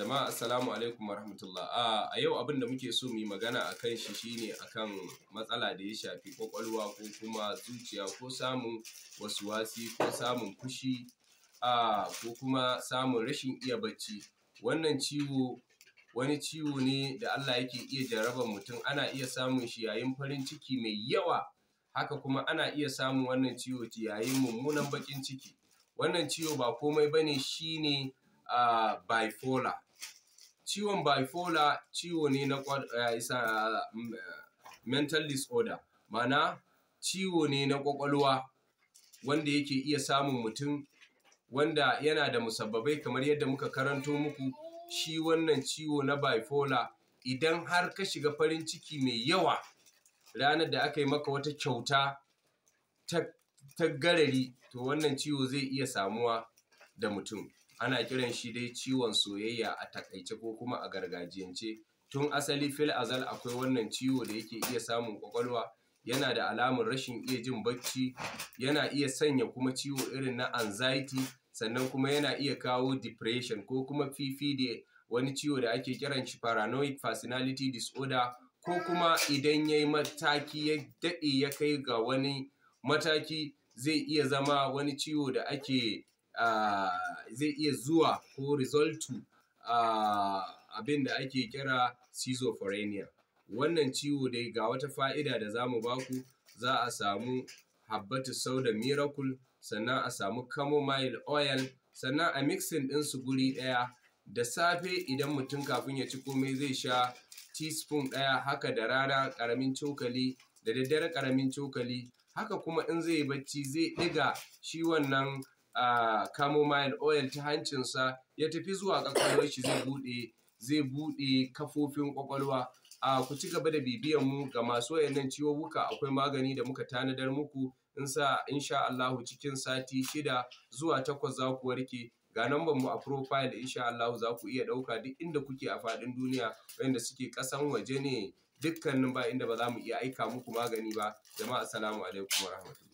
jama'a assalamu alaikum warahmatullah a yau abin da muke so mu yi magana a kan shi shine akan matsala da ya shafi kwakwalwa ko kuma zuciya ko samun wasu wasi ko samun kushi a ko kuma samun rashin iya bacci wannan ciwo wani ciwo ne da Allah yake iya jarabar mutum ana iya samun shi yayin farin ciki mai yawa haka kuma ana iya samun wannan ciwo yayin mummunan bakin ciki wannan ciwo ba komai bane shine uh, bipolar ciwon bipolar ciwo ne na eh, mm, eh, mental disorder mana ciwo ne na kwakwalwa wanda yake iya samun mutum wanda yana da musabbabai kamar yadda muka karanto muku shi wannan ciwo na bipolar idan har ka shiga farin ciki mai yawa ranar da aka yi maka wata kyauta ta garari to wannan ciwo zai iya samuwa da mutum ana kiran shi dai ciwon soyayya a takaice ko kuma a gargajiyance tun asali fil azal akwai wannan ciwo da yake iya samun kwakwalwa yana da alamun rashin iya jin bacci yana iya sanya kuma ciwo irin na anxiety sannan kuma yana iya kawo depression ko kuma ppd wani ciwo da ake kiran shi paranoid personality disorder ko kuma idan ya yi mataki ya daɗe ya kai ga wani mataki zai iya zama wani ciwo da ake Eh, zai iya zuwa ko resultu eh, abin da ake kira schizophrenia wannan ciwo dai ga wata fa'ida da za mu baku za a samu habbatu sau da miracle sannan a samu chamomile oil sannan a mixing su guri ɗaya da safe idan mutum kafin ya ci komai zai sha teaspoon ɗaya haka da rana ƙaramin cokali da daddare ƙaramin cokali haka kuma in zai yi bacci zai ɗiga shi wannan a chamomile oil ta hancinsa ya tafi zuwa kakwalwar shi zai bude zai bude kafofin kwakwalwa a ku ci gaba da bibiyan mu ga masu wayannan ciwuwuka akwai magani da muka tanadar muku in sa insha Allahu cikin sati shida zuwa takwas za ku warke ga namban mu a profile insha Allahu za ku iya ɗauka duk inda kuke a fadin duniya wanda suke kasan waje ne dukkanin ba inda ba za mu iya aika muku magani ba jama'a assalamu alaikum warahmatullahi